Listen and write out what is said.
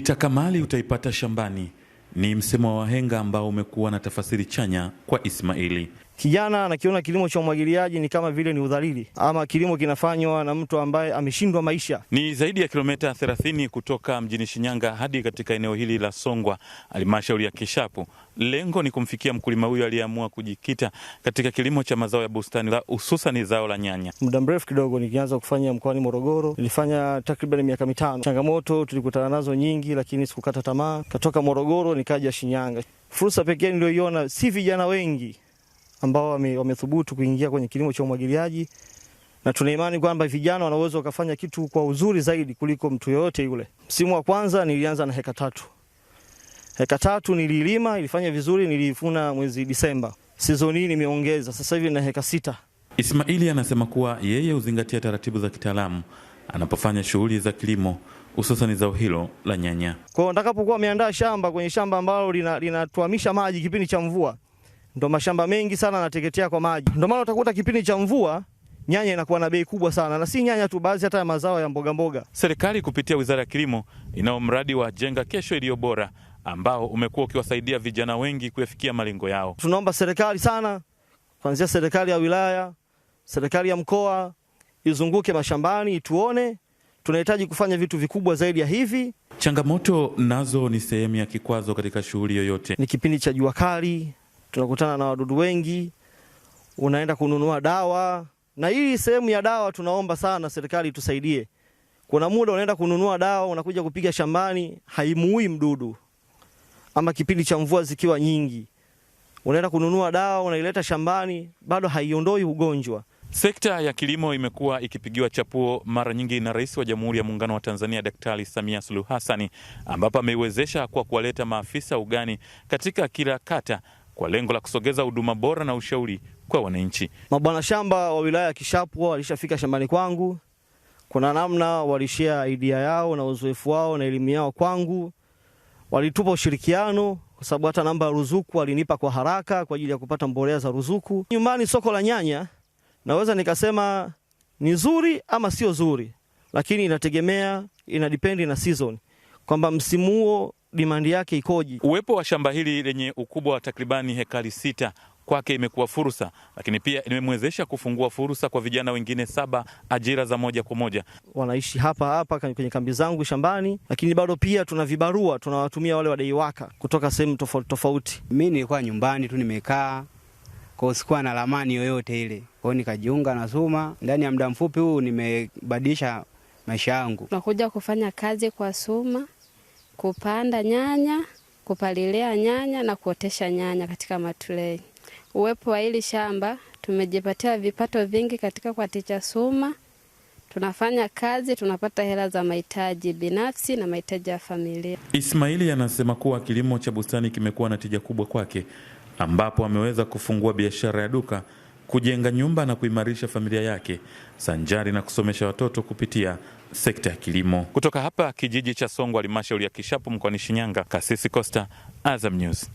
Ukitaka mali utaipata shambani ni msemo wa wahenga ambao umekuwa na tafasiri chanya kwa Ismaili. Kijana anakiona kilimo cha umwagiliaji ni kama vile ni udhalili ama kilimo kinafanywa na mtu ambaye ameshindwa maisha. Ni zaidi ya kilomita 30 kutoka mjini Shinyanga hadi katika eneo hili la Songwa, halmashauri ya Kishapu. Lengo ni kumfikia mkulima huyo aliyeamua kujikita katika kilimo cha mazao ya bustani, hususan zao la nyanya. Muda mrefu kidogo nikianza kufanya mkoani Morogoro, nilifanya takriban miaka mitano. Changamoto tulikutana nazo nyingi, lakini sikukata tamaa. Katoka Morogoro nikaja Shinyanga. Fursa pekee niliyoiona, si vijana wengi ambao wamethubutu kuingia kwenye kilimo cha umwagiliaji, na tuna imani kwamba vijana wana uwezo wakafanya kitu kwa uzuri zaidi kuliko mtu yoyote yule. Msimu wa kwanza nilianza na heka tatu. Heka tatu nililima, ilifanya vizuri, nilivuna mwezi Disemba. Season hii nimeongeza sasa hivi na heka sita. Ismaili anasema kuwa yeye huzingatia taratibu za kitaalamu anapofanya shughuli za kilimo hususani zao hilo la nyanya. Kwa hiyo nitakapokuwa ameandaa shamba kwenye shamba ambalo linatuhamisha lina maji kipindi cha mvua ndo mashamba mengi sana yanateketea kwa maji. Ndio maana utakuta kipindi cha mvua nyanya inakuwa na bei kubwa sana, na si nyanya tu, baadhi hata ya mazao ya mboga mboga. Serikali kupitia Wizara ya Kilimo inao mradi wa Jenga Kesho Iliyo Bora ambao umekuwa ukiwasaidia vijana wengi kuyafikia malengo yao. Tunaomba serikali sana, kuanzia serikali ya wilaya, serikali ya mkoa izunguke mashambani ituone, tunahitaji kufanya vitu vikubwa zaidi ya hivi. Changamoto nazo ni sehemu ya kikwazo katika shughuli yoyote. Ni kipindi cha jua kali, tunakutana na wadudu wengi, unaenda kununua dawa. Na hii sehemu ya dawa tunaomba sana serikali tusaidie. Kuna muda unaenda kununua dawa, unakuja kupiga shambani, haimuui mdudu, ama kipindi cha mvua zikiwa nyingi, unaenda kununua dawa, unaileta shambani, bado haiondoi ugonjwa. Sekta ya kilimo imekuwa ikipigiwa chapuo mara nyingi na Rais wa Jamhuri ya Muungano wa Tanzania Daktari Samia Suluhu Hassani, ambapo ameiwezesha kwa kuwaleta maafisa ugani katika kila kata kwa lengo la kusogeza huduma bora na ushauri kwa wananchi. Mabwana shamba wa wilaya ya Kishapwa walishafika shambani kwangu, kuna namna walishia idea yao na uzoefu wao na elimu yao kwangu, walitupa ushirikiano kwa sababu hata namba ya ruzuku walinipa kwa haraka kwa ajili ya kupata mbolea za ruzuku. Nyumbani soko la nyanya naweza nikasema ni zuri ama sio zuri, lakini inategemea, inadipendi na season, kwamba msimu huo dimandi yake ikoje. Uwepo wa shamba hili lenye ukubwa wa takribani hekari sita kwake imekuwa fursa, lakini pia imemwezesha kufungua fursa kwa vijana wengine saba, ajira za moja kwa moja. Wanaishi hapa hapa kwenye kambi zangu shambani, lakini bado pia tuna vibarua tunawatumia wale waka kutoka sehemu tofauti tofauti. Mi nilikuwa nyumbani tu nimekaa kwao, sikuwa na ramani yoyote ile kwao, nikajiunga na Zuma. Ndani ya muda mfupi huu nimebadilisha maisha yangu. nakuja kufanya kazi kwa SUMA kupanda nyanya, kupalilia nyanya na kuotesha nyanya katika matulei. Uwepo wa hili shamba tumejipatia vipato vingi katika kwa Suma. Tunafanya kazi, tunapata hela za mahitaji binafsi na mahitaji ya familia. Ismaili anasema kuwa kilimo cha bustani kimekuwa na tija kubwa kwake, ambapo ameweza kufungua biashara ya duka kujenga nyumba na kuimarisha familia yake sanjari na kusomesha watoto kupitia sekta ya kilimo. Kutoka hapa kijiji cha Songwe, halmashauri ya Kishapu, mkoani Shinyanga, Kasisi Costa, Azam News.